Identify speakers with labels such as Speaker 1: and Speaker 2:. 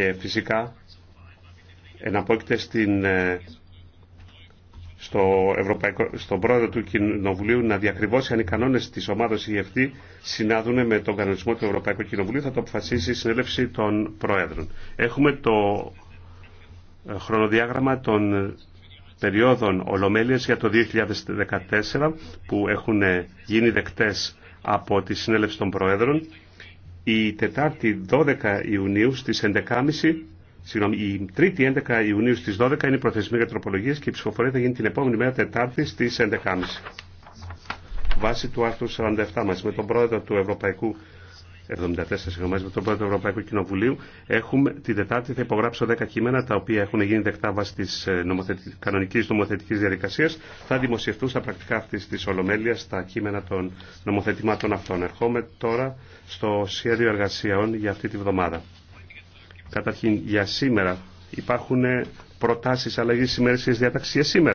Speaker 1: και φυσικά εναπόκειται στην, ε, στο Ευρωπαϊκό, στον πρόεδρο του Κοινοβουλίου να διακριβώσει αν οι κανόνε τη ομάδα η συνάδουν με τον κανονισμό του Ευρωπαϊκού Κοινοβουλίου. Θα το αποφασίσει η συνέλευση των πρόεδρων. Έχουμε το ε, χρονοδιάγραμμα των περιόδων ολομέλειας για το 2014 που έχουν ε, γίνει δεκτές από τη συνέλευση των Προέδρων η Τετάρτη 12 Ιουνίου στι 11.30 Συγγνώμη, η Τρίτη 11 Ιουνίου στις 12 είναι η προθεσμία για τροπολογίε και η ψηφοφορία θα γίνει την επόμενη μέρα Τετάρτη στι 11.30. Βάσει του άρθρου 47 μας με τον πρόεδρο του Ευρωπαϊκού 74 συγγνώμη, με τον Πρόεδρο του Ευρωπαϊκού Κοινοβουλίου. Έχουμε, την Τετάρτη θα υπογράψω 10 κείμενα τα οποία έχουν γίνει δεκτά βάσει της ε, νομοθετη... κανονικής νομοθετικής διαδικασίας. Θα δημοσιευτούν στα πρακτικά αυτή τη Ολομέλειας τα κείμενα των νομοθετημάτων αυτών. Ερχόμαι τώρα στο σχέδιο εργασιών για αυτή τη βδομάδα. Καταρχήν για σήμερα υπάρχουν προτάσεις αλλαγής ημέρησης διαταξία σήμερα.